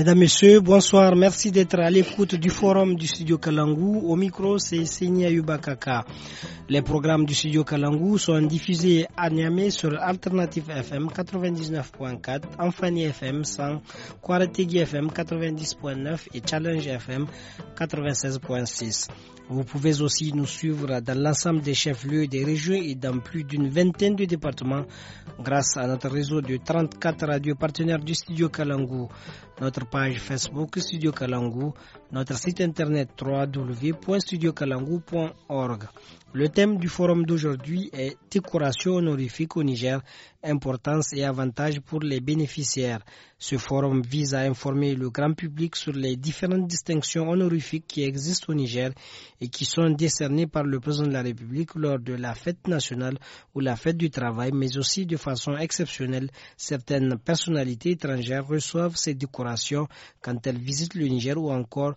Mesdames, Messieurs, bonsoir. Merci d'être à l'écoute du forum du studio Kalangou. Au micro, c'est Senya Yubakaka. Les programmes du studio Kalangou sont diffusés à Niamey sur Alternative FM 99.4, Amphani FM 100, Kwarategi FM 90.9 et Challenge FM 96.6. Vous pouvez aussi nous suivre dans l'ensemble des chefs-lieux des régions et dans plus d'une vingtaine de départements grâce à notre réseau de 34 radios partenaires du studio Kalangou. Notre page Facebook Studio Kalangu notre site internet www.studiocalangou.org. Le thème du forum d'aujourd'hui est Décoration honorifique au Niger, importance et avantages pour les bénéficiaires. Ce forum vise à informer le grand public sur les différentes distinctions honorifiques qui existent au Niger et qui sont décernées par le président de la République lors de la fête nationale ou la fête du travail, mais aussi de façon exceptionnelle, certaines personnalités étrangères reçoivent ces décorations quand elles visitent le Niger ou encore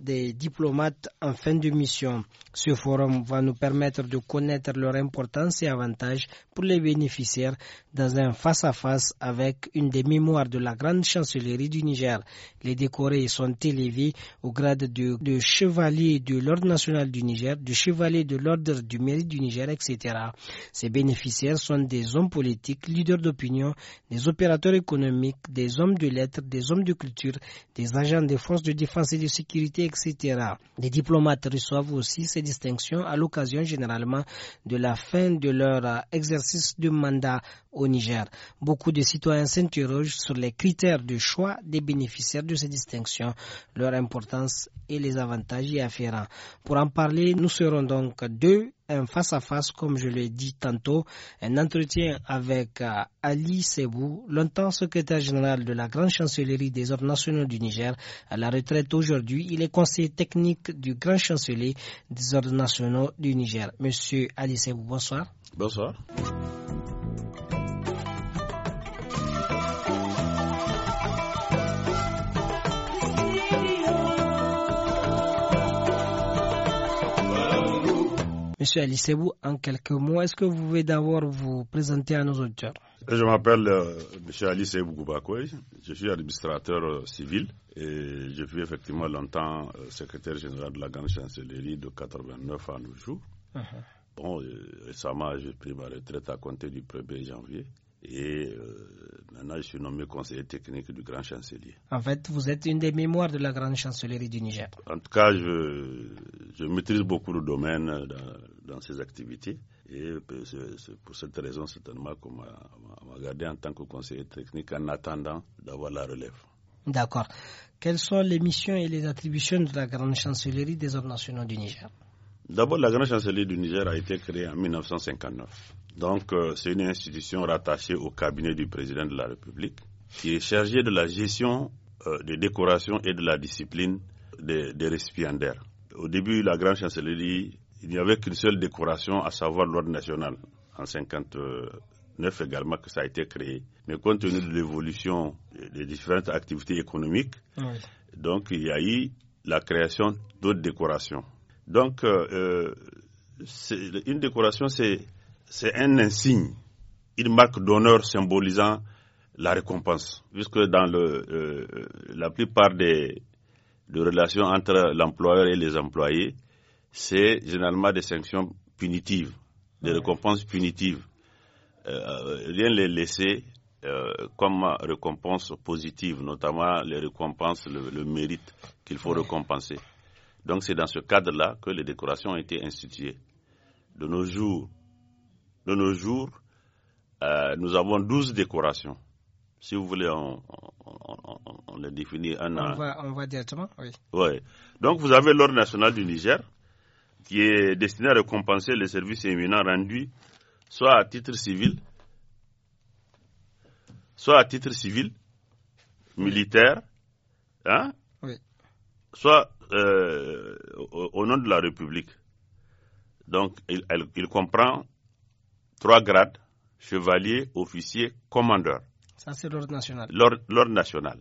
des diplomates en fin de mission. Ce forum va nous permettre de connaître leur importance et avantages pour les bénéficiaires dans un face-à-face avec une des mémoires de la grande chancellerie du Niger. Les décorés sont élevés au grade de, de chevalier de l'ordre national du Niger, de chevalier de l'ordre du mérite du Niger, etc. Ces bénéficiaires sont des hommes politiques, leaders d'opinion, des opérateurs économiques, des hommes de lettres, des hommes de culture, des agents des forces de défense et de sécurité, etc. Les diplomates reçoivent aussi ces distinctions à l'occasion généralement de la fin de leur euh, exercice de mandat au Niger. Beaucoup de citoyens s'interrogent sur les critères de choix des bénéficiaires de ces distinctions, leur importance et les avantages y afférents. Pour en parler, nous serons donc deux un face-à-face, comme je l'ai dit tantôt, un entretien avec euh, Ali Sebou, longtemps secrétaire général de la Grande Chancellerie des Ordres nationaux du Niger. À la retraite aujourd'hui, il est conseiller technique du Grand Chancelier des Ordres nationaux du Niger. Monsieur Ali Sebou, bonsoir. Bonsoir. Monsieur Ali Sebou, en quelques mots, est-ce que vous pouvez d'abord vous présenter à nos auditeurs Je m'appelle euh, Monsieur Ali Sebou je suis administrateur euh, civil et je suis effectivement longtemps euh, secrétaire général de la grande chancellerie de 89 à nos jours. Uh-huh. Bon, récemment, j'ai pris ma retraite à compter du 1er janvier et euh, maintenant je suis nommé conseiller technique du grand chancelier. En fait, vous êtes une des mémoires de la grande chancellerie du Niger. En tout cas, je, maîtrise beaucoup de domaine dans, ces activités et euh, c'est pour cette raison certainement qu'on m'a gardé en tant que conseiller technique en attendant d'avoir la relève. D'accord. Quelles sont les missions et les attributions de la grande chancellerie des Hommes nationaux du Niger D'abord, la Grande Chancellerie du Niger a été créée en 1959. Donc, euh, c'est une institution rattachée au cabinet du président de la République qui est chargée de la gestion euh, des décorations et de la discipline des, récipiendaires. Au début, la Grande Chancellerie, il n'y avait qu'une seule décoration, à savoir l'ordre national, en 1959 également que ça a été créé. Mais compte tenu de l'évolution des différentes activités économiques, donc il y a eu la création d'autres décorations. Donc, euh, euh, une décoration, c'est un insigne, une marque d'honneur symbolisant la récompense, puisque dans euh, la plupart des, relations entre l'employeur et les employés, c'est généralement des sanctions punitives, des récompenses punitives. Rien rien les laisser comme récompense positive, notamment les récompenses, le mérite qu'il faut récompenser. Donc c'est dans ce cadre-là que les décorations ont été instituées. De nos jours, de nos jours euh, nous avons 12 décorations. Si vous voulez, on, les définit un On va directement, oui. Oui. Donc vous avez l'Ordre national du Niger qui est destiné à récompenser les services éminents rendus soit à titre civil, soit à titre civil, militaire, hein, oui. soit euh, au, nom de la République. Donc, il, comprend trois grades chevalier, officier, commandeur. Ça, c'est l'ordre national. L'ordre national.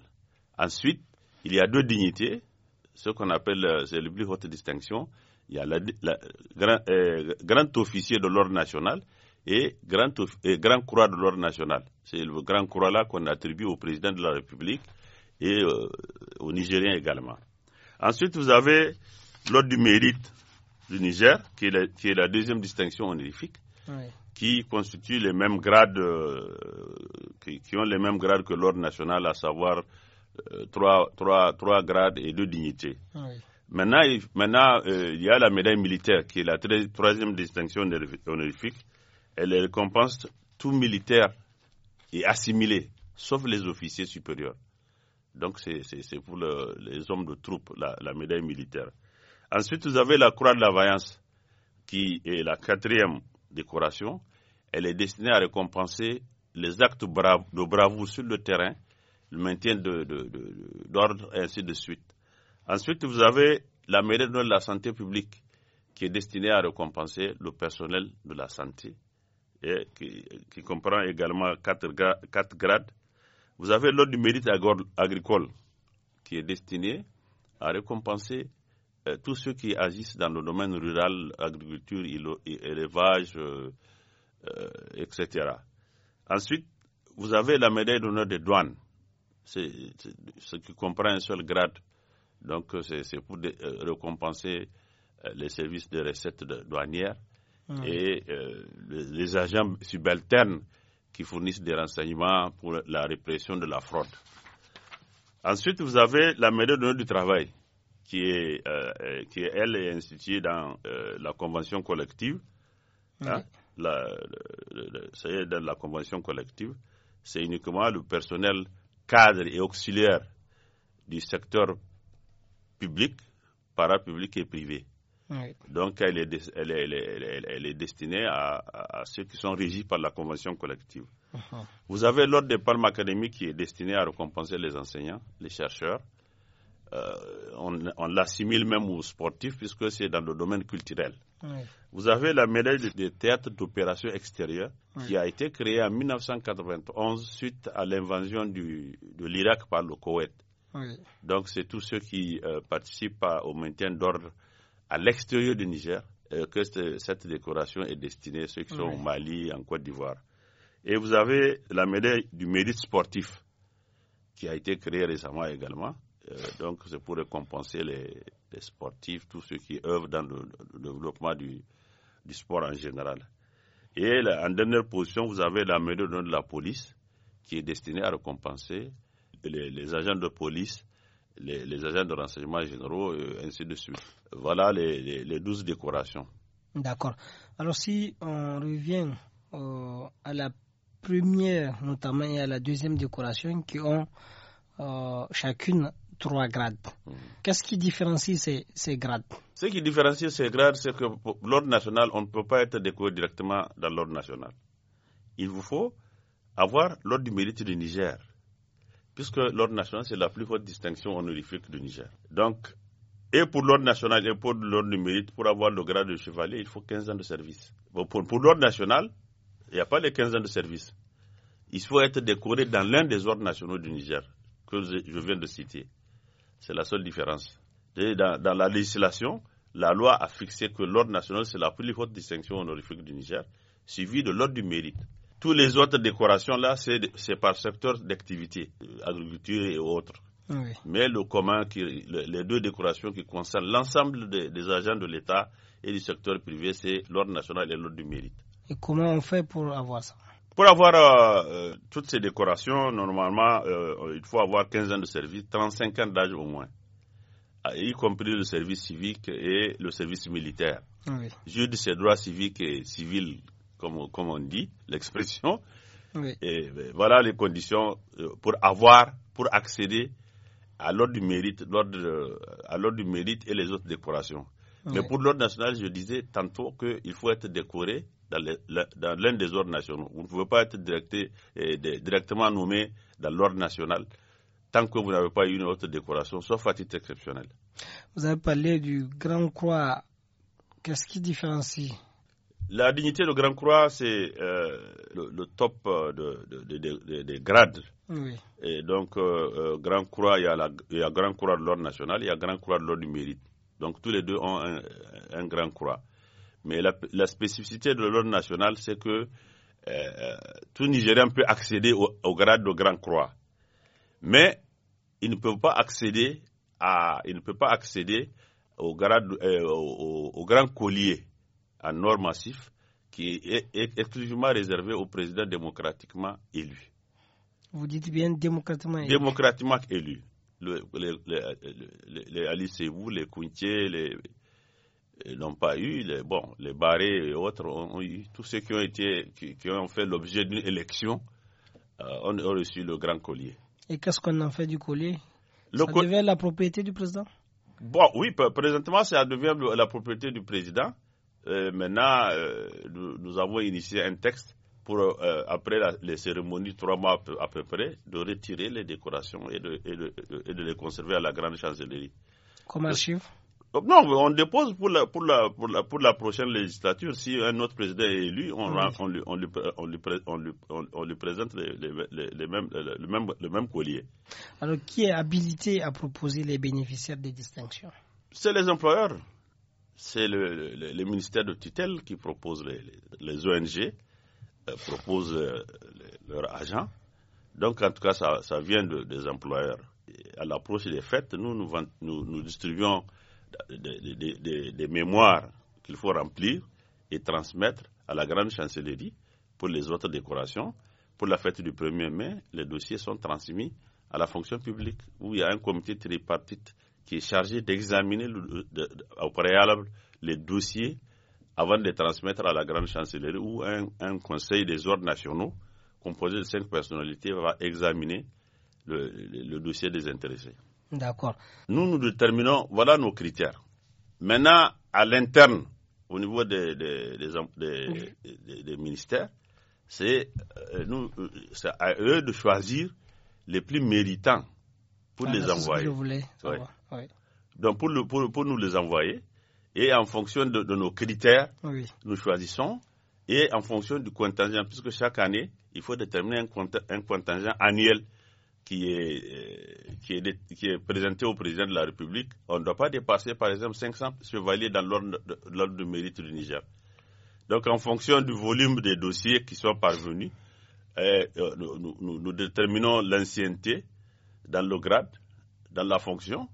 Ensuite, il y a deux dignités, ce qu'on appelle, euh, c'est le plus haute distinction. Il y a la, euh, grand, officier de l'ordre national et grand, grand croix de l'ordre national. C'est le grand croix là qu'on attribue au président de la République et au aux Nigériens également. Ensuite, vous avez l'ordre du mérite du Niger, qui est la, deuxième distinction honorifique, qui constitue les mêmes grades, euh, qui, ont les mêmes grades que l'ordre national, à savoir euh, trois, grades et deux dignités. Maintenant, il, euh, il y a la médaille militaire, qui est la troisième distinction honorifique. Elle récompense tout militaire et assimilé, sauf les officiers supérieurs. Donc c'est pour les hommes de troupes, la, médaille militaire. Ensuite, vous avez la croix de la vaillance, qui est la quatrième décoration. Elle est destinée à récompenser les actes de bravoure sur le terrain, le maintien d'ordre, et ainsi de suite. Ensuite, vous avez la médaille de la santé publique, qui est destinée à récompenser le personnel de la santé, et qui, comprend également quatre grades vous avez l'ordre du mérite agricole qui est destiné à récompenser euh, tous ceux qui agissent dans le domaine rural, agriculture, élevage, euh, euh, etc. Ensuite, vous avez la médaille d'honneur des douanes, ce qui comprend un seul grade. Donc, c'est, pour récompenser les services de recettes douanières mmh. et les agents subalternes qui fournissent des renseignements pour la répression de la fraude. Ensuite, vous avez la méthode du travail, qui est, euh, euh, qui elle est instituée dans euh, la convention collective. Hein? La, dans la convention collective, c'est uniquement le personnel cadre et auxiliaire du secteur public, parapublic et privé donc, elle est, destinée à, ceux qui sont régis par la convention collective. Uh-huh. Vous avez l'ordre des palmes académiques qui est destiné à récompenser les enseignants, les chercheurs. Euh, on, l'assimile même aux sportifs puisque c'est dans le domaine culturel. Vous avez la médaille de, théâtres théâtre d'opération extérieure qui a été créée en 1991 suite à l'invasion de l'Irak par le Koweït. Donc c'est tous ceux qui euh, participent au maintien d'ordre à l'extérieur du Niger euh, que cette décoration est destinée à ceux qui sont au Mali, en Côte d'Ivoire. Et vous avez la médaille du mérite sportif qui a été créée récemment également. Euh, donc, c'est pour récompenser les, sportifs, tous ceux qui œuvrent dans le, développement du, sport en général. Et en dernière position, vous avez la médaille de la police qui est destinée à récompenser les agents de police les, agents de renseignement généraux, et euh, ainsi de suite. Voilà les, les 12 décorations. D'accord. Alors si on revient euh, à la première notamment et à la deuxième décoration qui ont euh, chacune trois grades. Mhm. Qu'est-ce qui différencie ces, ces grades Ce qui différencie ces grades, c'est que l'ordre national, on ne peut pas être décoré directement dans l'ordre national. Il vous faut avoir l'ordre du mérite du Niger puisque l'ordre national, c'est la plus haute distinction honorifique du Niger. Donc, et pour l'ordre national et pour l'ordre du mérite, pour avoir le grade de chevalier, il faut 15 ans de service. pour, l'ordre national, il n'y a pas les 15 ans de service. Il faut être décoré dans l'un des ordres nationaux du Niger, que je, viens de citer. C'est la seule différence. dans, la législation, la loi a fixé que l'ordre national, c'est la plus haute distinction honorifique du Niger, suivie de l'ordre du mérite. Tous les autres décorations, là, c'est par secteur d'activité, euh, agriculture et autres. Mais le commun, les deux décorations qui concernent l'ensemble des, agents de l'État et du secteur privé, c'est l'ordre national et l'ordre du mérite. Et comment on fait pour avoir ça Pour avoir euh, euh, toutes ces décorations, normalement, il faut avoir 15 ans de service, 35 ans d'âge au moins, y compris le service civique et le service militaire. Oui. J'ai ces droits civiques et civils comme, on dit, l'expression. Et ben, voilà les conditions euh, pour avoir, pour accéder à l'ordre du mérite, euh, à l'ordre du mérite et les autres décorations. Mais pour l'ordre national, je disais tantôt qu'il faut être décoré dans l'un des ordres nationaux. Vous ne pouvez pas être euh, directement nommé dans l'ordre national tant que vous n'avez pas eu une autre décoration, sauf à titre exceptionnel. Vous avez parlé du Grand Croix. Qu'est-ce qui différencie la dignité de Grand Croix, c'est euh, le, top euh, des de, grades. Et donc, euh, Grand Croix, il y, a il Grand Croix de l'ordre national, il y a Grand Croix de l'ordre du mérite. Donc, tous les deux ont un, Grand Croix. Mais la, spécificité de l'ordre national, c'est que tout nigérian peut accéder au, grade de Grand Croix. Mais il ne peut pas accéder, à, il ne peut pas accéder au, grade, au Grand Collier en or massif qui est, exclusivement réservé au président démocratiquement élu. Vous dites bien démocratiquement élu. Démocratiquement élu. les Alice et vous, les Kuntier, les euh, n'ont pas eu, les, bon, les barrés et autres ont, eu, tous ceux qui ont, été, qui, ont fait l'objet d'une élection euh, ont, reçu le grand collier. Et qu'est-ce qu'on en fait du collier Ça devient la propriété du président Bon, oui, présentement, ça devient la propriété du président. Euh, maintenant, euh, nous, avons initié un texte pour, euh, après les cérémonies, trois mois à peu, près, de retirer les décorations et de, les conserver à la grande chancellerie. Comment archive non, on dépose pour la, prochaine législature. Si un autre président est élu, on, lui, présente le même collier. Alors, qui est habilité à proposer les bénéficiaires des distinctions C'est les employeurs c'est le, ministère de tutelle qui propose les, ONG, euh, propose euh, leurs agents. Donc, en tout cas, ça, vient de, des employeurs. à l'approche des fêtes, nous, nous, distribuons des, des mémoires qu'il faut remplir et transmettre à la grande chancellerie pour les autres décorations. Pour la fête du 1er mai, les dossiers sont transmis à la fonction publique où il y a un comité tripartite qui est chargé d'examiner au préalable les dossiers avant de les transmettre à la grande chancellerie ou un, conseil des ordres nationaux composé de cinq personnalités va examiner le, dossier des intéressés. D'accord. Nous, nous déterminons, voilà nos critères. Maintenant, à l'interne, au niveau des, ministères, c'est à eux de choisir les plus méritants pour les envoyer. je donc pour, nous les envoyer, et en fonction de, nos critères, nous choisissons, et en fonction du contingent, puisque chaque année, il faut déterminer un, contingent, annuel qui est, euh, qui, est, présenté au président de la République. On ne doit pas dépasser, par exemple, 500 chevaliers dans l'ordre de, mérite du Niger. Donc, en fonction du volume des dossiers qui sont parvenus, euh, euh, nous, déterminons l'ancienneté dans le grade, dans la fonction,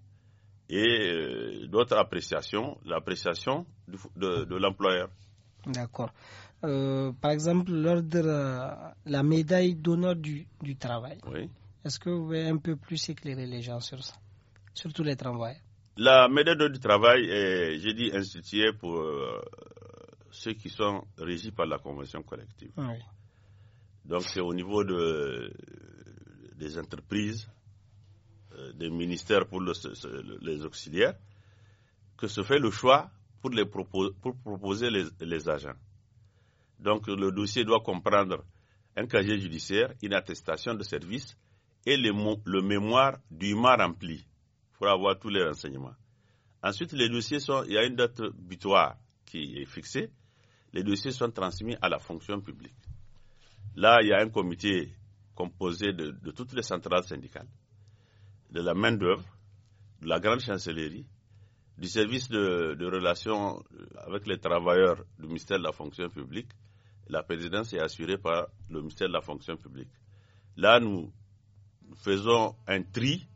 et euh, d'autres appréciations, l'appréciation de, l'employeur. D'accord. Euh, par exemple, la, médaille d'honneur du, travail, oui. est-ce que vous pouvez un peu plus éclairer les gens sur ça, surtout les travailleurs La médaille d'honneur du travail est, j'ai dit, instituée pour euh, ceux qui sont régis par la convention collective. Oui. Donc c'est au niveau des entreprises euh, des ministères pour les auxiliaires que se fait le choix pour, proposer les, agents. Donc le dossier doit comprendre un casier judiciaire, une attestation de service et le mémoire du dûment rempli pour avoir tous les renseignements. Ensuite, les dossiers sont, il y a une date butoir qui est fixée. Les dossiers sont transmis à la fonction publique. Là, il y a un comité composé de toutes les centrales syndicales de la main-d'œuvre, de la grande chancellerie, du service de, de, relations euh, avec les travailleurs du ministère de la fonction publique. La présidence est assurée par le ministère de la fonction publique. Là, nous faisons un tri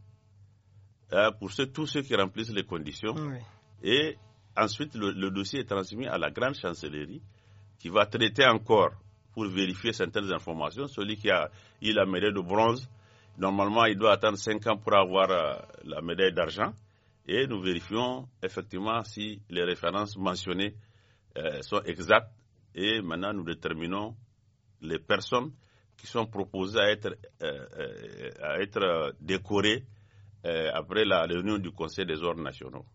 hein, pour ceux, tous ceux qui remplissent les conditions. Et ensuite, le, dossier est transmis à la grande chancellerie qui va traiter encore pour vérifier certaines informations. Celui qui a eu la médaille de bronze Normalement, il doit attendre 5 ans pour avoir euh, la médaille d'argent. Et nous vérifions effectivement si les références mentionnées euh, sont exactes. Et maintenant, nous déterminons les personnes qui sont proposées à être, euh, décorées après la réunion du Conseil des ordres nationaux.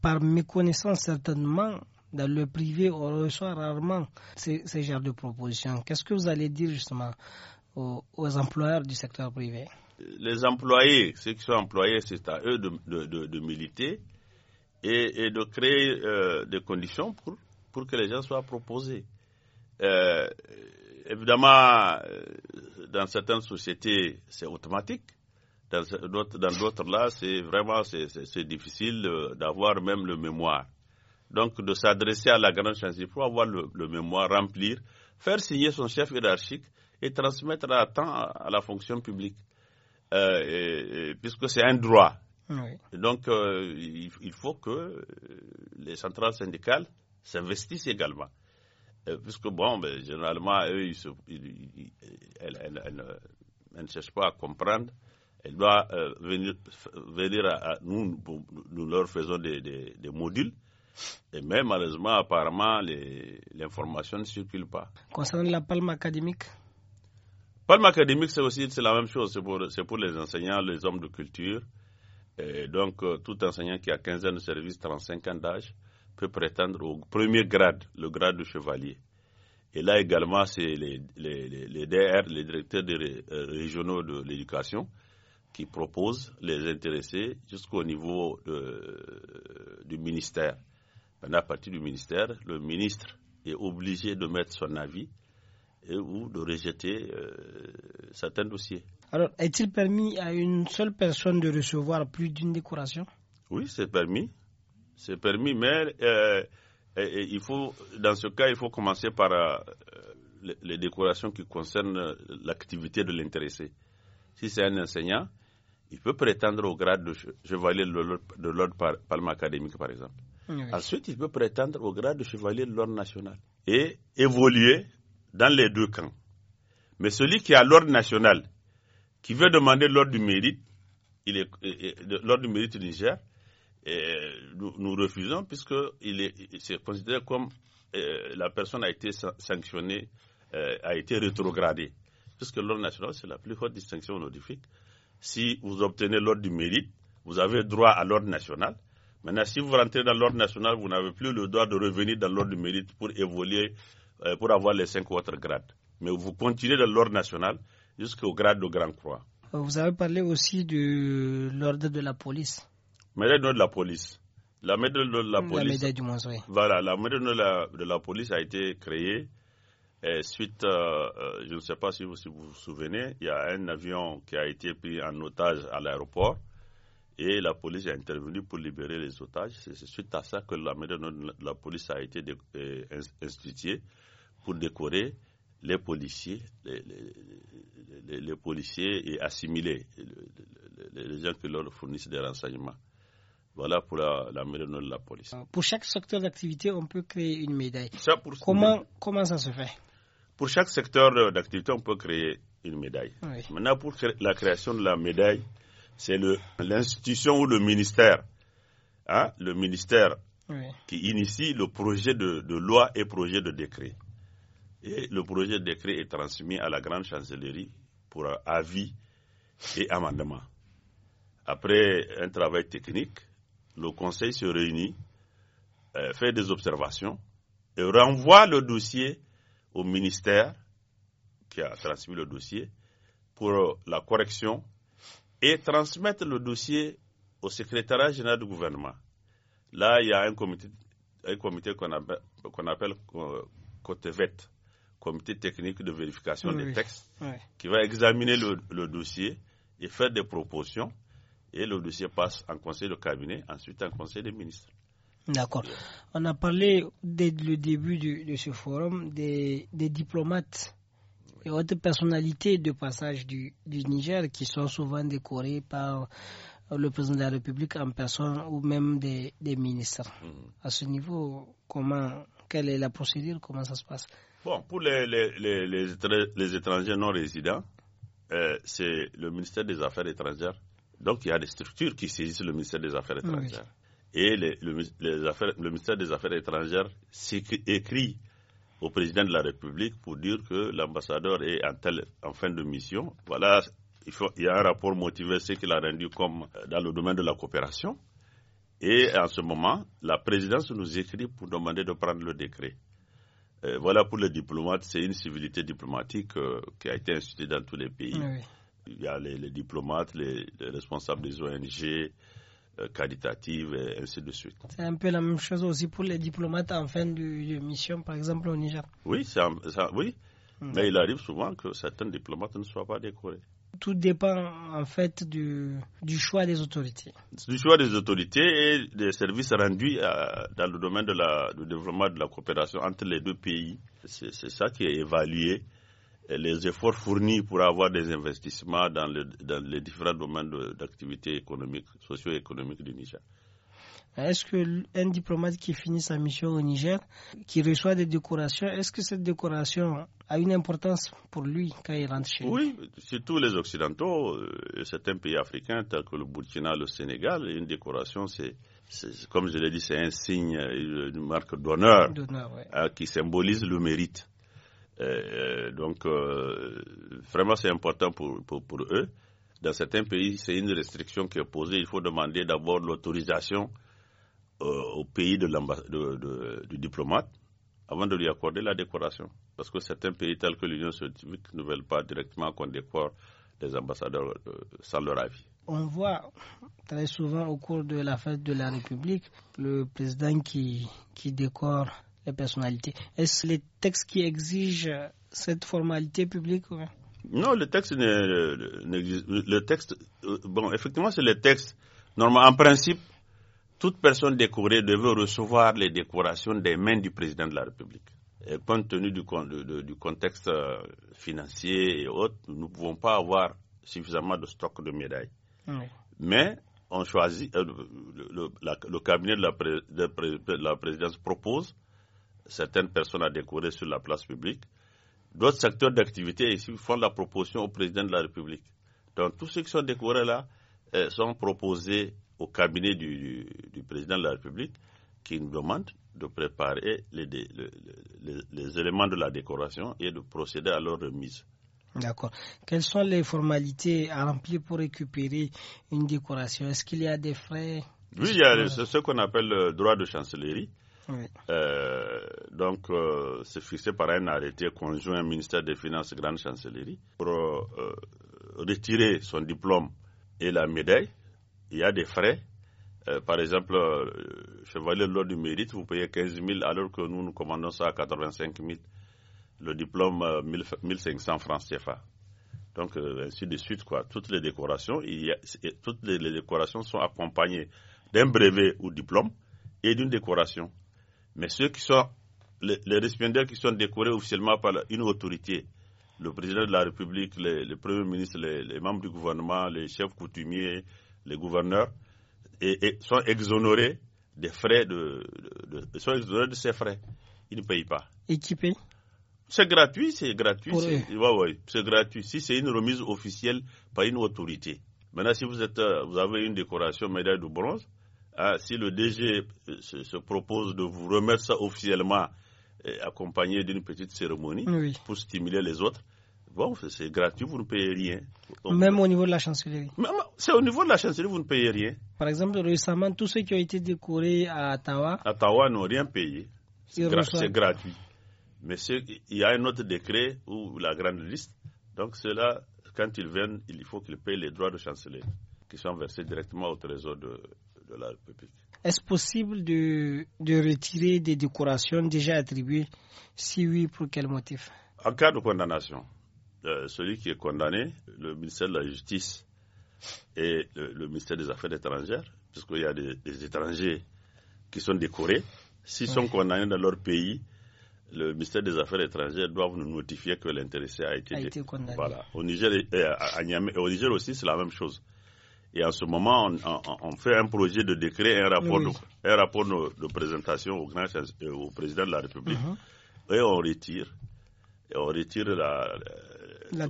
Par méconnaissance, certainement, dans le privé, on reçoit rarement ce ces de propositions. Qu'est-ce que vous allez dire justement aux, employeurs du secteur privé Les employés, ceux qui sont employés, c'est à eux de, militer et, de créer euh, des conditions pour, pour que les gens soient proposés. Euh, évidemment, euh, dans certaines sociétés, c'est automatique. Dans d'autres, là, c'est vraiment c'est, difficile d'avoir même le mémoire. Donc, de s'adresser à la grande chance, il faut avoir le mémoire, remplir, faire signer son chef hiérarchique et transmettre à temps à la fonction publique, euh, puisque c'est un droit. Donc, euh, il, faut que euh, les centrales syndicales s'investissent également. puisque, bon, ben, généralement, eux, elles, ne cherchent pas à comprendre. Elles doivent venir, venir à, nous, nous leur faisons des, modules. Et même, malheureusement, apparemment, l'information ne circule pas. Concernant la palme académique Palme académique, c'est aussi la même chose, c'est pour, les enseignants, les hommes de culture. donc, euh, tout enseignant qui a 15 ans de service, 35 ans d'âge, peut prétendre au premier grade, le grade de chevalier. Et là également, c'est les, DR, les directeurs euh, régionaux de l'éducation, qui proposent les intéressés jusqu'au niveau euh, du ministère. à partir du ministère, le ministre est obligé de mettre son avis ou de rejeter euh, certains dossiers. Alors, est-il permis à une seule personne de recevoir plus d'une décoration Oui, c'est permis. C'est permis, mais euh, il faut, dans ce cas, il faut commencer par euh, les, décorations qui concernent l'activité de l'intéressé. Si c'est un enseignant, il peut prétendre au grade de chevalier de l'ordre par, académique, par exemple. Ensuite, il peut prétendre au grade de chevalier de l'ordre national et évoluer dans les deux camps. Mais celui qui a l'ordre national, qui veut demander l'ordre du mérite, il est, l'ordre du mérite du Niger, nous, refusons puisque il est, considéré comme euh, la personne a été sanctionnée, euh, a été rétrogradée. Puisque l'ordre national, c'est la plus haute distinction honorifique. Si vous obtenez l'ordre du mérite, vous avez droit à l'ordre national. Maintenant, si vous rentrez dans l'ordre national, vous n'avez plus le droit de revenir dans l'ordre du mérite pour évoluer euh, pour avoir les cinq autres grades. Mais vous continuez de l'ordre national jusqu'au grade de Grand Croix. Euh, vous avez parlé aussi de l'ordre de la police. Médaille de la police. La médaille de la police. La médaille du Voilà, la médaille de la, de la, police a été créée suite, euh, je ne sais pas si vous, si vous vous souvenez, il y a un avion qui a été pris en otage à l'aéroport. Et la police est intervenue pour libérer les otages. C'est suite à ça que la de la police a été euh, instituée pour décorer les policiers, les, policiers et assimiler les, gens qui leur fournissent des renseignements. Voilà pour la, médaille de la police. Euh, pour chaque secteur d'activité, on peut créer une médaille. comment, ça se fait Pour chaque secteur d'activité, on peut créer une médaille. Maintenant, pour la création de la médaille, c'est l'institution ou le ministère, hein, le ministère qui initie le projet de, loi et projet de décret. Et le projet de décret est transmis à la grande chancellerie pour avis et amendement. Après un travail technique, le conseil se réunit, euh, fait des observations et renvoie le dossier au ministère qui a transmis le dossier pour la correction et transmettre le dossier au secrétariat général du gouvernement. Là, il y a un comité, un comité qu'on appelle, qu euh, Comité technique de vérification des textes, qui va examiner le, dossier et faire des propositions. Et le dossier passe en conseil de cabinet, ensuite en conseil des ministres. D'accord. On a parlé dès le début de, ce forum des diplomates et autres personnalités de passage du, Niger qui sont souvent décorées par euh, le président de la République en personne ou même des, ministres. Hmm. À ce niveau, comment, quelle est la procédure, comment ça se passe Bon, pour les, les, les, étrangers non résidents, euh, c'est le ministère des Affaires étrangères. Donc, il y a des structures qui saisissent le ministère des Affaires étrangères. Et le, le ministère des Affaires étrangères écrit au président de la République pour dire que l'ambassadeur est en, fin de mission. Voilà, il, faut, y a un rapport motivé, ce qu'il a rendu comme euh, dans le domaine de la coopération. Et en ce moment, la présidence nous écrit pour demander de prendre le décret. Euh, voilà pour les diplomates, c'est une civilité diplomatique euh, qui a été instituée dans tous les pays. Il y a les, diplomates, les, responsables des ONG, euh, qualitative et ainsi de suite. C'est un peu la même chose aussi pour les diplomates en fin de, mission, par exemple au Niger. Oui, oui. Hmm. mais il arrive souvent que certains diplomates ne soient pas décorés. Tout dépend en fait du, choix des autorités. Du choix des autorités et des services rendus euh, dans le domaine de la, du développement de la coopération entre les deux pays. C'est ça qui est évalué les efforts fournis pour avoir des investissements dans, les différents domaines d'activité économique, socio-économique du Niger. Est-ce qu'un diplomate qui finit sa mission au Niger, qui reçoit des décorations, est-ce que cette décoration a une importance pour lui quand il rentre chez lui Oui, surtout les Occidentaux, euh, certains pays africains tels que le Burkina, le Sénégal, une décoration, c'est, comme je l'ai dit, c'est un signe, euh, une marque d'honneur euh, qui symbolise le mérite. Euh, euh, donc, euh, vraiment, c'est important pour, eux. Dans certains pays, c'est une restriction qui est posée. Il faut demander d'abord l'autorisation au pays de du diplomate avant de lui accorder la décoration. Parce que certains pays tels que l'Union soviétique ne veulent pas directement qu'on décore les ambassadeurs sans leur avis. On voit très souvent au cours de la fête de la République le président qui décore les personnalités. Est-ce les textes qui exigent euh, cette formalité publique Non, le texte n'existe. Le texte, euh, bon, effectivement, c'est le texte. Normalement, en principe, toute personne décorée devait recevoir les décorations des mains du président de la République. Et compte tenu du, contexte euh, financier et autres, nous ne pouvons pas avoir suffisamment de stock de médailles. Mais on choisit, le, cabinet de la présidence propose certaines personnes à décorer sur la place publique. D'autres secteurs d'activité ici font la proposition au président de la République. Donc tous ceux qui sont décorés là euh, sont proposés au cabinet du, président de la République qui nous demande de préparer les, éléments de la décoration et de procéder à leur remise. D'accord. Quelles sont les formalités à remplir pour récupérer une décoration Est-ce qu'il y a des frais Oui, il y a ce qu'on appelle le droit de chancellerie. Euh, donc, euh, c'est fixé par un arrêté conjoint ministère des Finances et Grande Chancellerie pour euh, retirer son diplôme et la médaille. Il y a des frais. par exemple, chevalier de l'ordre du mérite, vous payez 15 000 alors que nous, nous commandons ça à 85 000. Le diplôme, 1500 francs CFA. Donc, ainsi de suite, quoi. Toutes les décorations, toutes les décorations sont accompagnées d'un brevet ou diplôme et d'une décoration. Mais ceux qui sont, les, qui sont décorés officiellement par une autorité, le président de la République, le premier ministre, les, membres du gouvernement, les chefs coutumiers, les gouverneurs, sont exonérés des frais de, sont exonérés de ces frais. Ils ne payent pas. Et qui paye C'est gratuit, c'est gratuit. Oui. C'est gratuit. Si c'est une remise officielle par une autorité. Maintenant, si vous, êtes, euh, vous avez une décoration médaille de bronze, ah, si le DG se, propose de vous remettre ça officiellement, accompagné d'une petite cérémonie pour stimuler les autres, bon, c'est gratuit, vous ne payez rien. même au niveau de la chancellerie. C'est au niveau de la chancellerie, vous ne payez rien. Par exemple, récemment, tous ceux qui ont été décorés à Ottawa. À Ottawa n'ont rien payé. C'est gratuit. Mais il y a un autre décret ou la grande liste. Donc, cela, quand ils viennent, il faut qu'ils payent les droits de chancellerie qui sont versés directement au trésor de, est-ce possible de, retirer des décorations déjà attribuées Si oui, pour quel motif En cas de condamnation, euh, celui qui est condamné, le ministère de la Justice et le, ministère des Affaires étrangères, puisqu'il y a des, étrangers qui sont décorés, s'ils sont condamnés dans leur pays, le ministère des Affaires étrangères doit nous notifier que l'intéressé a été, a été condamné. Voilà. au Niger aussi, c'est la même chose. Et en ce moment, on, fait un projet de décret, un rapport, de, un rapport de, présentation au, euh, au, président de la République. Uh-huh. Et on retire. Et on retire la, euh, la,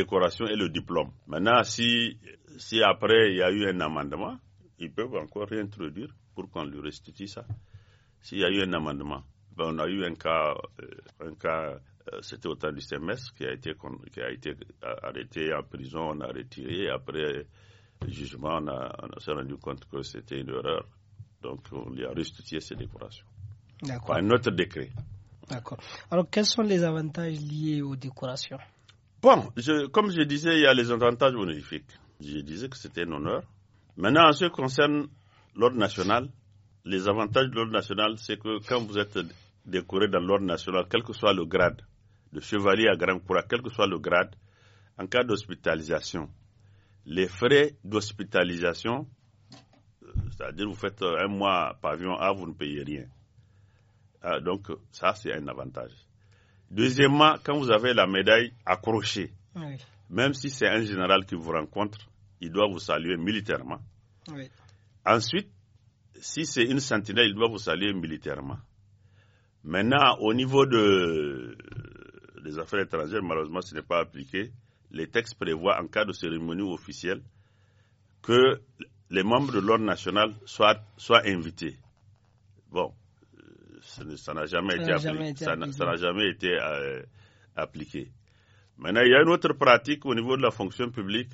décoration. et le diplôme. Maintenant, si, si après il y a eu un amendement, ils peuvent encore réintroduire pour qu'on lui restitue ça. S'il y a eu un amendement, ben on a eu un cas, euh, un cas c'était au temps du CMS qui a été, qui a été arrêté en prison, on a retiré, après le jugement, on, a, s'est rendu compte que c'était une erreur. Donc, on lui a restitué ses décorations. D'accord. Un autre décret. D'accord. Alors, quels sont les avantages liés aux décorations Bon, comme je disais, il y a les avantages honorifiques. Je disais que c'était un honneur. Maintenant, en ce qui concerne l'ordre national, les avantages de l'ordre national, c'est que quand vous êtes décoré dans l'ordre national, quel que soit le grade, de chevalier à grand courage, quel que soit le grade, en cas d'hospitalisation, les frais d'hospitalisation, euh, c'est-à-dire vous faites euh, un mois pavillon A, ah, vous ne payez rien. Ah, donc ça, c'est un avantage. Deuxièmement, quand vous avez la médaille accrochée, même si c'est un général qui vous rencontre, il doit vous saluer militairement. Ensuite, si c'est une sentinelle, il doit vous saluer militairement. Maintenant, au niveau euh, des affaires étrangères, malheureusement, ce n'est pas appliqué les textes prévoient en cas de cérémonie officielle que les membres de l'ordre national soient, invités. Bon, euh, ça n'a jamais, été appliqué. Ça n'a jamais été euh, appliqué. Maintenant, il y a une autre pratique au niveau de la fonction publique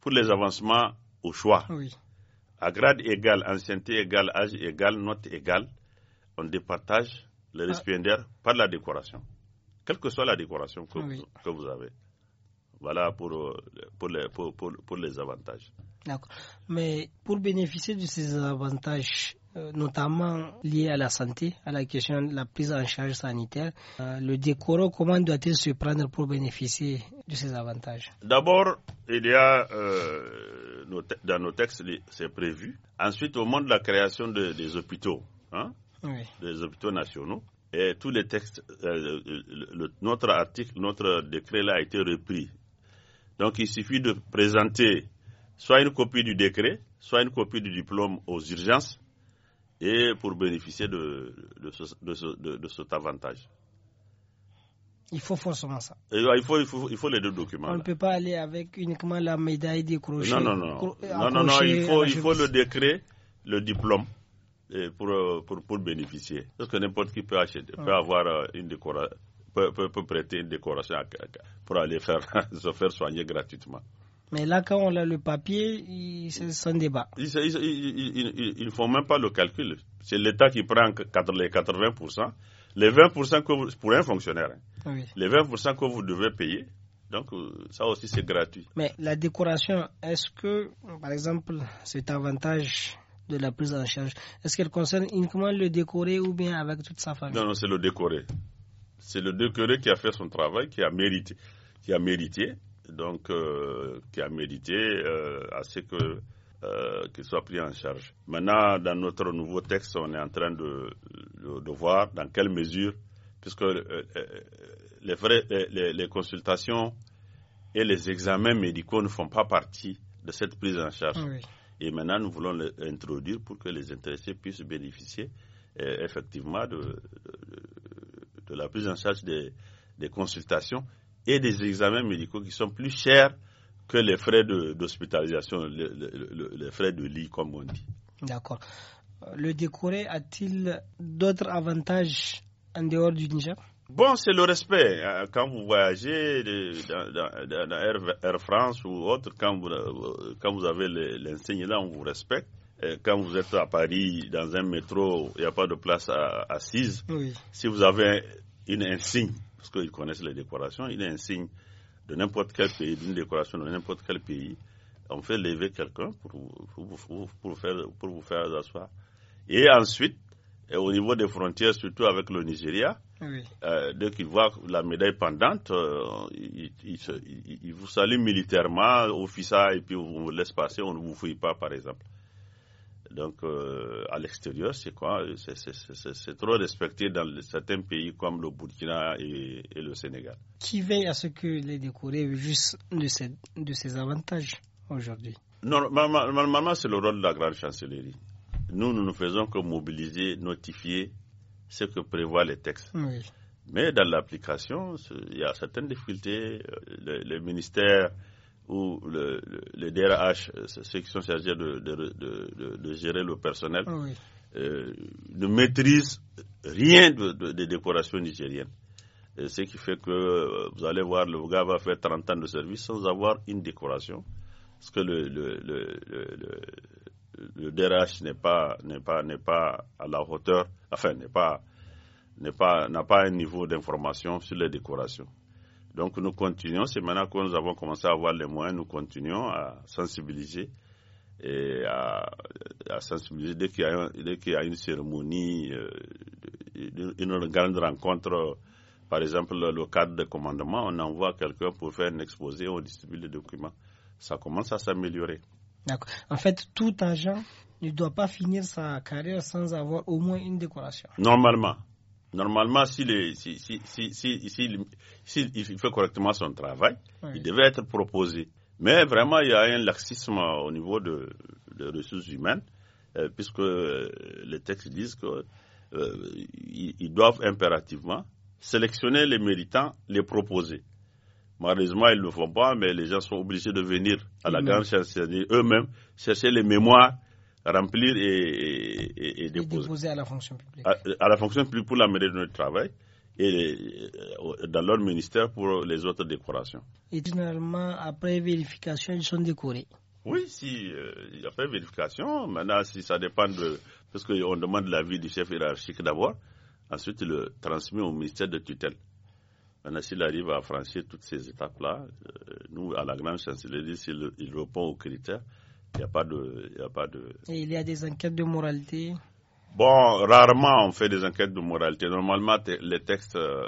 pour les avancements au choix. À grade égal, ancienneté égale, âge égal, note égale, on départage le ah. récipiendaires par la décoration, quelle que soit la décoration que vous avez. Voilà euh, pour, les, avantages. D'accord. Mais pour bénéficier de ces avantages, euh, notamment liés à la santé, à la question de la prise en charge sanitaire, euh, le décoro, comment doit-il se prendre pour bénéficier de ces avantages D'abord, il y a dans nos textes, c'est prévu. Ensuite, au moment de la création des hôpitaux, hein, des hôpitaux nationaux, et tous les textes, notre article, notre décret a été repris donc il suffit de présenter soit une copie du décret, soit une copie du diplôme aux urgences et pour bénéficier de, cet avantage. Il faut forcément ça. il, faut, les deux documents. On ne peut pas aller avec uniquement la médaille décrochée. Non, non, non. non, non, il, faut, le décret, le diplôme euh, pour, bénéficier. Parce que n'importe qui peut, acheter, peut avoir euh, une décoration peut, peut, prêter une décoration pour aller faire, se faire soigner gratuitement. Mais là, quand on a le papier, c'est son débat. Ils ne font même pas le calcul. C'est l'État qui prend les 80%. Les 20% que pour un fonctionnaire, hein. ah les 20% que vous devez payer, donc euh, ça aussi c'est gratuit. Mais la décoration, est-ce que, par exemple, cet avantage de la prise en charge, est-ce qu'elle concerne uniquement le décoré ou bien avec toute sa famille Non, non, c'est le décoré c'est le décoré qui a fait son travail, qui a mérité, qui a mérité, donc euh, qui a mérité euh, à ce que euh, qu'il soit pris en charge. Maintenant, dans notre nouveau texte, on est en train de, de, voir dans quelle mesure, puisque les, les, consultations et les examens médicaux ne font pas partie de cette prise en charge. Et maintenant, nous voulons l'introduire pour que les intéressés puissent bénéficier effectivement de de la prise en charge des, consultations et des examens médicaux qui sont plus chers que les frais d'hospitalisation, les, frais de lit, comme on dit. D'accord. Le décoré a-t-il d'autres avantages en dehors du Niger Bon, c'est le respect. Hein. Quand vous voyagez dans, Air, France ou autre, quand vous, euh, quand vous avez l'enseigne là, on vous respecte. Euh, quand vous êtes à Paris, dans un métro, il n'y a pas de place assise. Si vous avez une insigne, parce qu'ils connaissent les décorations, il a un signe de n'importe quel pays, d'une décoration de n'importe quel pays, on fait lever quelqu'un pour, pour, faire, pour vous faire asseoir. Et ensuite, au niveau des frontières, surtout avec le Nigeria, euh, dès qu'ils voient la médaille pendante, euh, ils, il, vous saluent militairement, officier, et puis on vous laisse passer, on ne vous fouille pas, par exemple. Donc, euh, à l'extérieur, c'est quoi C'est trop respecté dans certains pays comme le Burkina et, le Sénégal. Qui veille à ce que les décorés juste de ces, de avantages aujourd'hui Normalement, normalement c'est le rôle de la grande chancellerie. Nous, nous ne faisons que mobiliser, notifier ce que prévoient les textes. Mais dans l'application, il y a certaines difficultés. Euh, les ministères où le, les DRH, euh, ceux qui sont chargés de, gérer le personnel, ah euh, ne maîtrisent rien des décorations nigériennes. ce qui fait que euh, vous allez voir, le gars va faire 30 ans de service sans avoir une décoration. Parce que le, DRH n'est pas, pas, pas à la hauteur, enfin, n'est pas n'a pas un niveau d'information sur les décorations. Donc nous continuons, c'est maintenant que nous avons commencé à avoir les moyens, nous continuons à sensibiliser et à, sensibiliser dès qu'il y, a une cérémonie, euh, une, grande rencontre. Par exemple, le cadre de commandement, on envoie quelqu'un pour faire une exposé, on distribue les documents. Ça commence à s'améliorer. D'accord. En fait, tout agent ne doit pas finir sa carrière sans avoir au moins une décoration. Normalement. Normalement, s'il si, si, si, fait correctement son travail, il devait être proposé. Mais vraiment, il y a un laxisme au niveau des ressources humaines, euh, puisque euh, les textes disent qu'ils euh, doivent impérativement sélectionner les méritants, les proposer. Malheureusement, ils ne le font pas, mais les gens sont obligés de venir à la cest grande dire eux-mêmes chercher les mémoires remplir et, déposer. à la fonction publique. À, la fonction publique pour la mairie de notre travail et euh, dans leur ministère pour les autres décorations. Et généralement, après vérification, ils sont décorés. Oui, si euh, après vérification, maintenant si ça dépend de parce qu'on demande l'avis du chef hiérarchique d'abord, ensuite il le transmet au ministère de tutelle. Maintenant, s'il arrive à franchir toutes ces étapes-là, euh, nous, à la grande chancellerie, s'il répond aux critères, il n'y a pas de. Il y a pas de... Et il y a des enquêtes de moralité Bon, rarement on fait des enquêtes de moralité. Normalement, les textes euh,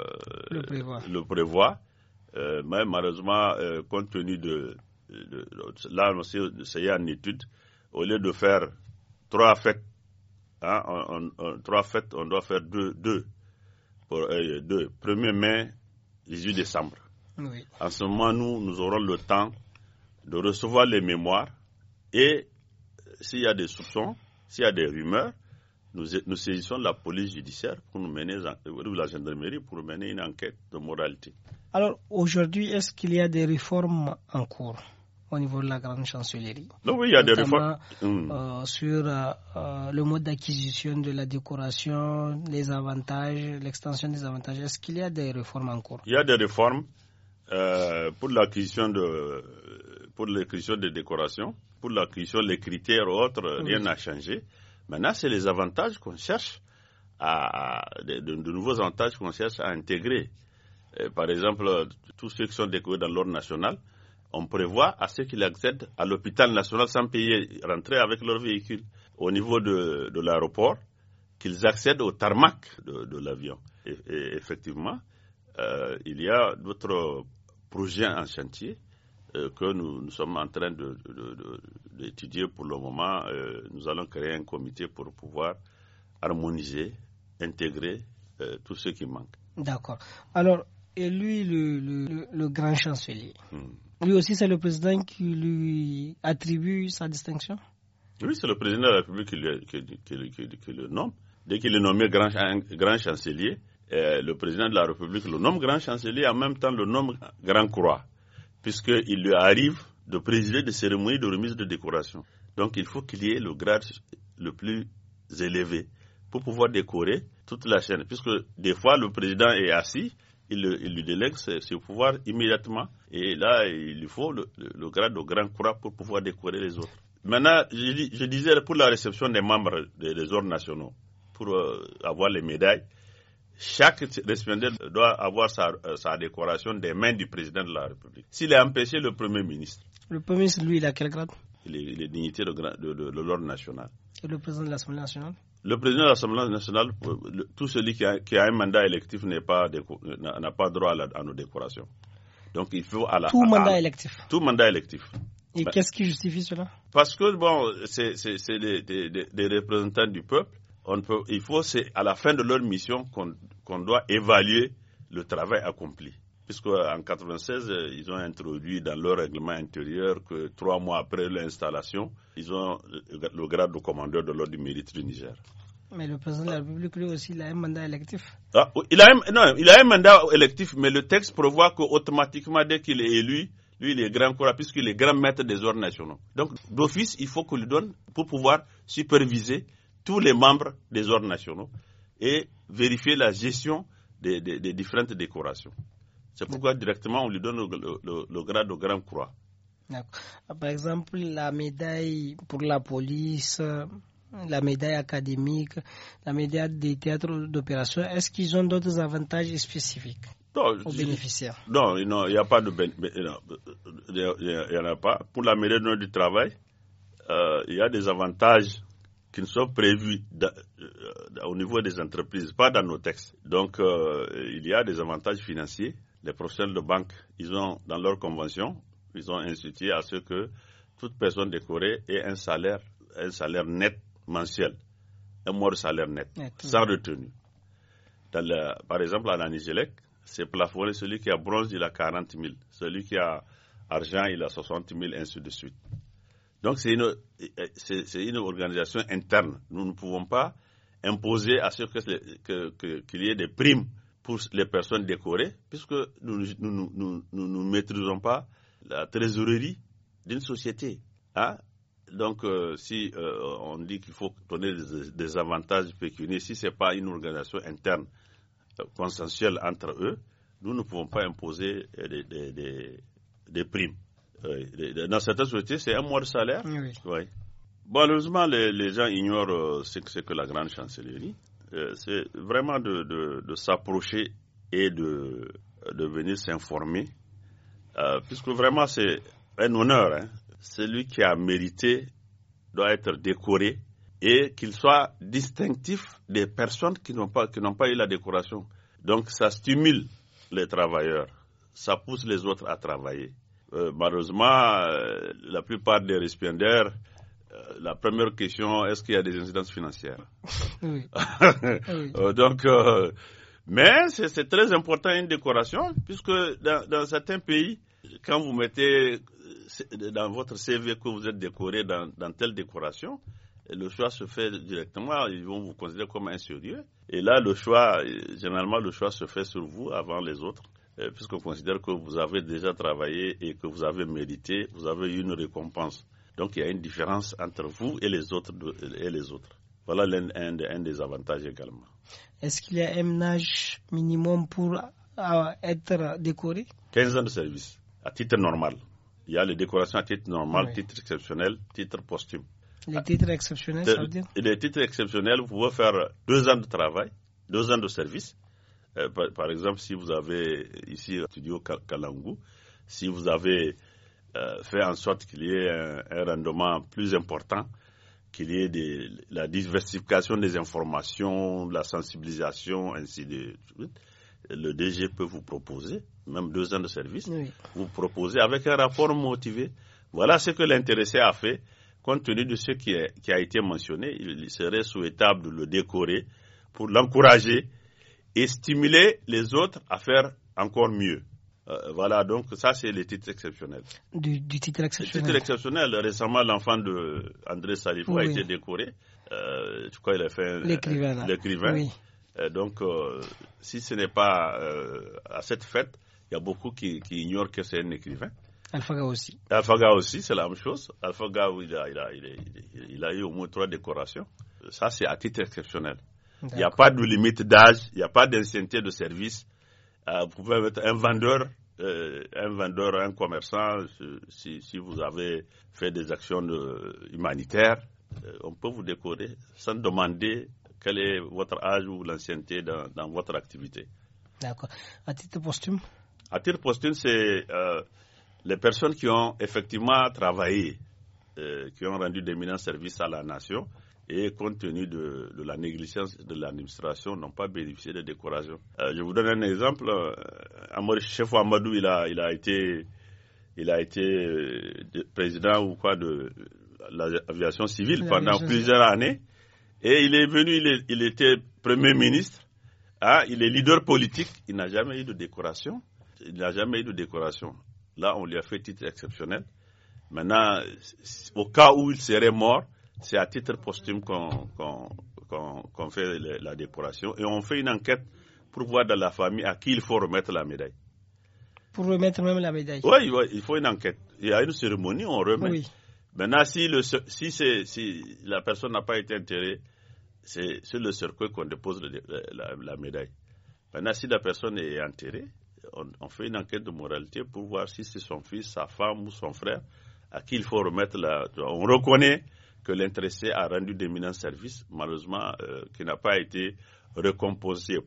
le prévoient. Euh, mais malheureusement, euh, compte tenu de, Là, c'est en étude. Au lieu de faire trois fêtes, hein, on, trois fêtes, on doit faire deux. deux, pour, deux. 1er mai, 18 décembre. Oui. En ce moment, nous, nous aurons le temps de recevoir les mémoires et s'il y a des soupçons, s'il y a des rumeurs, nous, saisissons la police judiciaire pour nous mener, ou la gendarmerie pour mener une enquête de moralité. Alors aujourd'hui, est-ce qu'il y a des réformes en cours au niveau de la grande chancellerie Non, oui, il y a des réformes. Hum. Euh, sur euh, euh, le mode d'acquisition de la décoration, les avantages, l'extension des avantages. Est-ce qu'il y a des réformes en cours Il y a des réformes pour l'acquisition de pour l'acquisition des décorations pour la question, les critères autres, euh, rien n'a changé. Maintenant, c'est les avantages qu'on cherche à, de, nouveaux avantages qu'on cherche à intégrer. Euh, par exemple, euh, tous ceux qui sont découverts dans l'ordre national, on prévoit à ceux qui accèdent à l'hôpital national sans payer, rentrer avec leur véhicule au niveau de, l'aéroport, qu'ils accèdent au tarmac de, l'avion. Et, effectivement, il y a d'autres projets en chantier euh, que nous, sommes en train d'étudier de, pour le moment. Euh, nous allons créer un comité pour pouvoir harmoniser, intégrer euh, tout ce qui manque. D'accord. Alors, et lui, le, grand chancelier, hmm. lui aussi, c'est le président qui lui attribue sa distinction Oui, c'est le président de la République qui, le nomme. Dès qu'il est nommé grand, grand chancelier, euh, le président de la République le nomme grand chancelier, en même temps le nomme grand croix puisqu'il lui arrive de présider des cérémonies de remise de décoration. Donc il faut qu'il y ait le grade le plus élevé pour pouvoir décorer toute la chaîne, puisque des fois le président est assis, il, lui délègue ses pouvoirs pouvoir immédiatement, et là il lui faut le, grade de grand croix pour pouvoir décorer les autres. Maintenant, je, disais pour la réception des membres des, ordres nationaux, pour euh, avoir les médailles, chaque responsable doit avoir euh, sa, décoration des mains du président de la République. S'il est empêché, le Premier ministre. Le Premier ministre, lui, il a quel grade Il est, dignité de, l'ordre national. Et le président de l'Assemblée nationale le président de l'Assemblée nationale, euh, tout celui qui a, un mandat électif euh, n'a pas, pas, droit à, nos décorations. Donc il faut à la, tout mandat électif. Tout mandat électif. Et ben qu'est-ce qui justifie cela Parce que bon, c'est des, représentants du peuple il faut, c'est à la fin de leur mission qu'on doit évaluer le travail accompli. Puisque en 96, euh, ils ont introduit dans leur règlement intérieur que trois mois après l'installation, ils ont euh, le grade de commandeur de l'ordre du mérite du Niger. Mais le président de la République, lui aussi, il a un mandat électif. Ah, il, a un, non, il a un mandat électif, mais le texte prévoit qu'automatiquement, dès qu'il est élu, lui, il est grand corps, puisqu'il est grand maître des ordres nationaux. Donc, d'office, il faut qu'on lui donne pour pouvoir superviser tous les membres des ordres nationaux et vérifier la gestion des, différentes décorations. C'est pourquoi directement on lui donne le, grade de grand Croix. Ah, par exemple, la médaille pour la police, euh, la médaille académique, la médaille des théâtres d'opération, est-ce qu'ils ont d'autres avantages spécifiques aux bénéficiaires Non, il n'y a pas de. Il en a pas. Pour la médaille du travail, euh, il y a des avantages qui ne sont prévues euh, au niveau des entreprises, pas dans nos textes. Donc, euh, il y a des avantages financiers. Les professionnels de banque, ils ont, dans leur convention, ils ont institué à ce que toute personne décorée ait un salaire, net mensuel, un mois de salaire net, sans retenue. par exemple, à la Nigélec, c'est plafonné. Celui qui a bronze, il a 40 000. Celui qui a argent, il a 60 000, ainsi de suite. Donc euh, c'est une, organisation interne. Nous ne pouvons pas imposer à ce qu'il que, y ait des primes pour les personnes décorées, puisque nous ne maîtrisons pas la trésorerie d'une société. Hein. Donc, euh, si euh, on dit qu'il faut donner des, avantages pécuniaires, si ce n'est pas une organisation interne consensuelle entre eux, nous ne pouvons pas imposer des primes. Dans certaines sociétés, c'est un mois de salaire. Malheureusement, les, gens ignorent euh, ce que c'est que la grande chancellerie. Euh, c'est vraiment de, s'approcher et de, de venir s'informer, euh, puisque vraiment c'est un honneur. Hein. Celui qui a mérité doit être décoré et qu'il soit distinctif des personnes qui n'ont pas eu la décoration. Donc ça stimule les travailleurs, ça pousse les autres à travailler. Euh, malheureusement, euh, la plupart des récipiendaires, euh, la première question, est-ce qu'il y a des incidences financières oui. Donc, mais c'est très important une décoration, puisque dans, certains pays, quand vous mettez dans votre CV que vous êtes décoré dans, telle décoration, le choix se fait directement, ils vont vous considérer comme un Et là, le choix, généralement, le choix se fait sur vous avant les autres. Euh, puisqu'on considère que vous avez déjà travaillé et que vous avez mérité, vous avez eu une récompense. Donc il y a une différence entre vous et les autres. Voilà un, des avantages également. Est-ce qu'il y a un âge minimum pour euh, être décoré 15 ans de service, à titre normal. Il y a les décorations à titre normal, titre exceptionnel, titre posthume. Les ah. titres exceptionnels, ça veut dire Les titres exceptionnels, vous pouvez faire deux ans de travail, deux ans de service, euh, par, exemple, si vous avez ici Studio Kalangu, si vous avez euh, fait en sorte qu'il y ait un, rendement plus important, qu'il y ait des, la diversification des informations, la sensibilisation, ainsi de suite, le DG peut vous proposer, même deux ans de service, vous proposer avec un rapport motivé. Voilà ce que l'intéressé a fait. Compte tenu de ce qui a été mentionné, il serait souhaitable de le décorer pour l'encourager et stimuler les autres à faire encore mieux. Euh, voilà, donc ça, c'est les titres exceptionnels. Du, titre exceptionnel. Le titre exceptionnel, récemment, l'enfant de André a été décoré. Euh, je crois qu'il a fait l'écrivain. l'écrivain. Oui. Euh, donc, euh, si ce n'est pas à cette fête, il y a beaucoup qui, ignorent que c'est un écrivain. Alphaga aussi. Alphaga aussi, c'est la même chose. Alphaga, il il a eu au moins trois décorations. Ça, c'est à titre exceptionnel. Il n'y a pas de limite d'âge, il n'y a pas d'ancienneté de service. Euh, vous pouvez être un vendeur, euh, un vendeur, un commerçant, si, si, vous avez fait des actions humanitaires, euh, on peut vous décorer sans demander quel est votre âge ou l'ancienneté dans, dans, votre activité. D'accord. À titre posthume À titre posthume, c'est les personnes qui ont effectivement travaillé, qui ont rendu d'éminents services à la nation, et compte tenu de, la négligence de l'administration, n'ont pas bénéficié de décorations. Euh, je vous donne un exemple. Euh, Amor, chef Amadou, il a, il a été, il a été euh, président ou quoi de l'aviation civile pendant plusieurs années. Et il est venu, il, il était premier ministre. Ah, il est leader politique. Il n'a jamais eu de décoration. Il n'a jamais eu de décoration. Là, on lui a fait titre exceptionnel. Maintenant, au cas où il serait mort, c'est à titre posthume qu'on fait la décoration et on fait une enquête pour voir dans la famille à qui il faut remettre la médaille. Pour remettre même la médaille Oui, il faut une enquête. Il y a une cérémonie, on remet. Oui. Maintenant, si, le, si, si la personne n'a pas été enterrée, c'est sur le cercueil qu'on dépose la, médaille. Maintenant, si la personne est enterrée, on, on, fait une enquête de moralité pour voir si c'est son fils, sa femme ou son frère à qui il faut remettre la. On reconnaît que l'intéressé a rendu d'éminents services, malheureusement, euh, qui n'a pas été récompensé,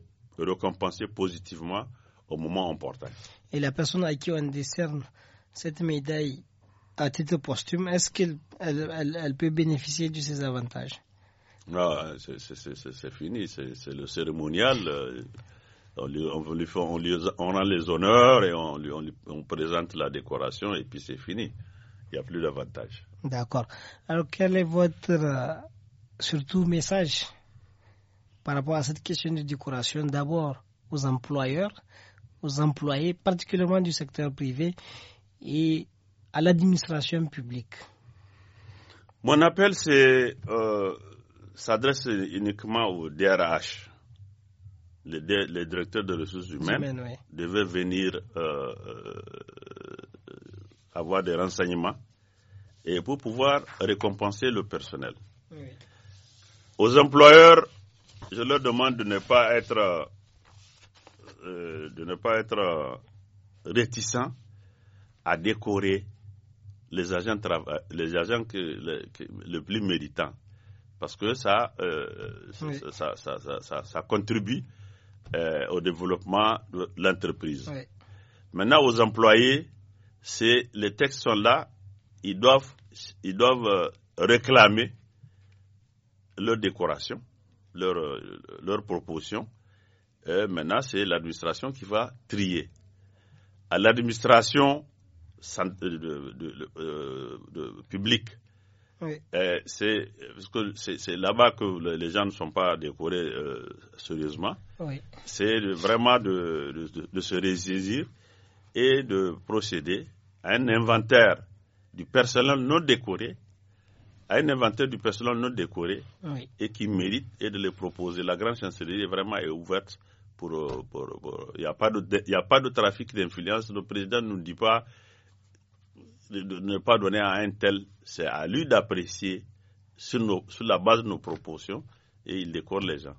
positivement au moment important. Et la personne à qui on décerne cette médaille à titre posthume, est-ce qu'elle peut bénéficier de ses avantages Non, c'est fini, c'est le cérémonial. Euh, on, lui, on, rend les honneurs et on, lui, on présente la décoration et puis c'est fini. Il n'y a plus d'avantages. D'accord. Alors, quel est votre euh, surtout message par rapport à cette question de décoration D'abord aux employeurs, aux employés, particulièrement du secteur privé, et à l'administration publique. Mon appel, c'est euh, s'adresse uniquement au DRH. Les, directeurs de ressources humaines, devaient venir euh, avoir des renseignements et pour pouvoir récompenser le personnel. Aux employeurs, je leur demande de ne pas être, euh, de ne pas être réticents à décorer les agents, les agents que, le, plus méritants. Parce que ça, euh, ça, contribue euh, au développement de l'entreprise. Maintenant, aux employés, les textes sont là, ils doivent, ils doivent euh, réclamer leur décoration, leur, euh, leur proposition. maintenant, c'est l'administration qui va trier. À l'administration euh, de, publique, c'est là-bas que les gens ne sont pas décorés sérieusement. C'est vraiment de, se ressaisir et de procéder un inventaire du personnel non décoré, un inventaire du personnel non décoré et qui mérite et de les proposer. La grande chancellerie vraiment ouverte pour. Il euh, n'y a, pas de, a pas de trafic d'influence. Le président ne nous dit pas de ne pas donner à un tel. C'est à lui d'apprécier sur, sur la base de nos proportions et il décore les gens.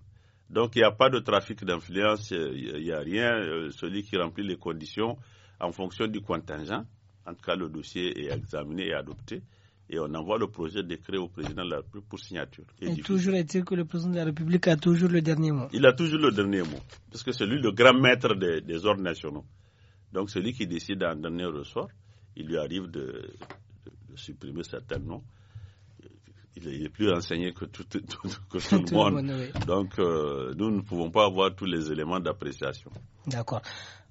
Donc il n'y a pas de trafic d'influence, il n'y a rien. Euh, celui qui remplit les conditions en fonction du contingent en tout cas, le dossier est examiné et adopté. Et on envoie le projet de décret au président de la République pour signature. Et, toujours est-il que le président de la République a toujours le dernier mot Il a toujours le dernier mot, parce que c'est lui le grand maître des, ordres nationaux. Donc celui qui décide en dernier ressort, il lui arrive de supprimer certains noms il, est, plus renseigné que tout, que le monde. Donc, euh, nous ne pouvons pas avoir tous les éléments d'appréciation. D'accord.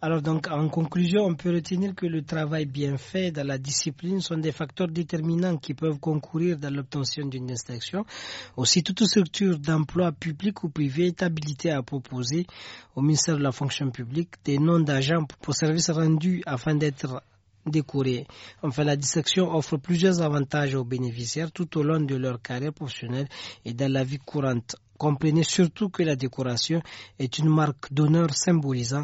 Alors, donc, en conclusion, on peut retenir que le travail bien fait dans la discipline sont des facteurs déterminants qui peuvent concourir dans l'obtention d'une distinction. Aussi, toute structure d'emploi public ou privé est habilitée à proposer au ministère de la fonction publique des noms d'agents pour services rendus afin d'être décorée. Enfin, la dissection offre plusieurs avantages aux bénéficiaires tout au long de leur carrière professionnelle et dans la vie courante. Comprenez surtout que la décoration est une marque d'honneur symbolisant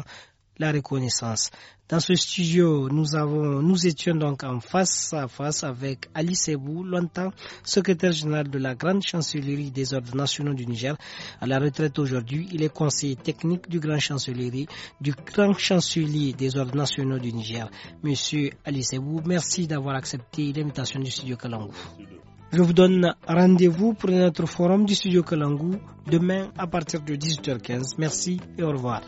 la reconnaissance. Dans ce studio, nous étions donc en face à face avec Ali Sebou, longtemps secrétaire général de la Grande Chancellerie des Ordres Nationaux du Niger. À la retraite aujourd'hui, il est conseiller technique du Grand Chancellerie, du Grand Chancelier des Ordres Nationaux du Niger. Monsieur Ali Sebou, merci d'avoir accepté l'invitation du studio Kalangou. Je vous donne rendez-vous pour notre forum du studio Kalangou demain à partir de 18h15. Merci et au revoir.